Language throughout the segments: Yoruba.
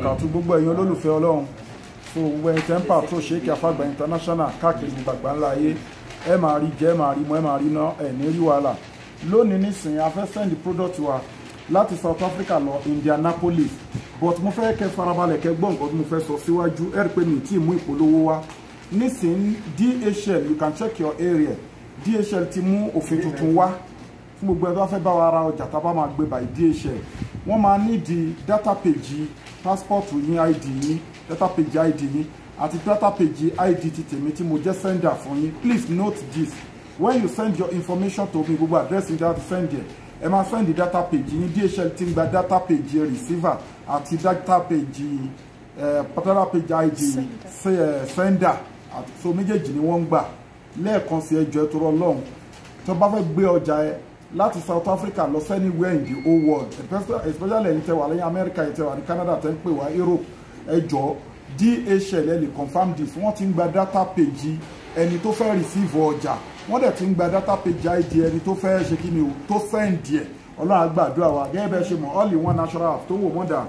àkàtú gbogbo ẹ̀yin olólùfẹ́ ọlọ́run fún gbogbo ẹ̀yin tẹ́ńpà tó ṣe é kí afágbà international káàkiri gbàgbà ńlá ayé ẹ máa rí jẹ ẹ máa rí mu ẹ máa rí ná ẹ ní rí wàhálà lónìí nísìnyí a fẹ́ send product wa láti South Africa lọ Indianapolis but mo fẹ́ kẹ́ farabalẹ̀ kẹ́ gbọ́ nǹkan tí mo fẹ́ sọ síwájú ẹ rí pé mi tí ì mú ìpolówó wá nísìnyí DHL you can check your area DHL ti mú òfin tuntun wá fún gbogbo ẹ bá fẹ́ bá wa ra ọjà tá a bá máa gbé by DHL wọ́n máa ní di data page yìí passport yín id yín data page id yín àti data page id ti tèmi tí mo jẹ́ sender fún yín please note this when you send your information to me gbogbo address yín dáhùn send yẹn ẹ máa send data page yín dhl ti ń gba data page receiver àti data page data page id sender so méjèèjì ni wọ́n ń gbà lẹ́ẹ̀kan sí ẹjọ́ ẹ tó rọ lọ́hùn tó bá fẹ́ gbé ọjà ẹ láti South Africa lọ anywhere in the whole world especially ẹ̀yin tẹ́ wà lẹ́yìn America ẹ̀yin tẹ́ wà ní Canada tẹ́ ń pè wá Europe ẹ jọ̀ọ́ DHL ẹ lè confam this wọ́n ti ń gba data page ẹni tó fẹ́ receive ọjà wọ́n dẹ̀ ti ń gba data page ID ẹni tó fẹ́ ṣe kí ni o tó send ẹ̀ ọlọ́run àgbàdo àwa gẹ́gẹ́ bẹ́ẹ̀ ṣe mọ̀ all in one national app tó wò mọ́ dà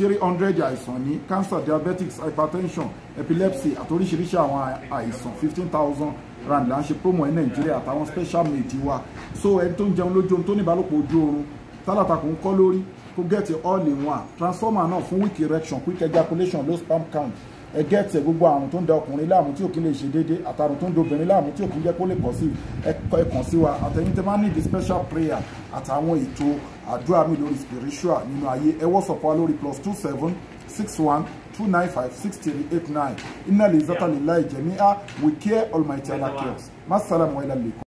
three hundred àìsàn ní cancer diabetics hypertension epilepsy àti oríṣiríṣi àwọn àìsàn fifteen thousand rand là ń ṣe promo ní nàìjíríà àtàwọn special made wa so ẹni tó ń jẹun lójú ohun tó ní ìbálòpọ̀ ojú oorun tálàtà ń kọ́ lórí kó get all in one transformer náà fún weak erection quick ejaculation low sperm count ẹ gẹ́tì gbogbo àrùn tó ń da ọkùnrin láàmú tí òkín lè ṣe déédé àtàrùn tó ń da obìnrin láàmú tí òkín jẹ́ kó lè pọ̀ sí ẹ kàn sí wa àtẹ̀yìn tẹ́ máa ń nídìí special prayer àtàwọn ètò àdúrà mi lórí spiritual nínú ayé ẹ wọ́sọ̀pọ̀ wa lórí plus two seven six one two nine five six three eight nine inna lè zata lè láì jẹ̀mí a we care almighty allah cares masalamu alaykum.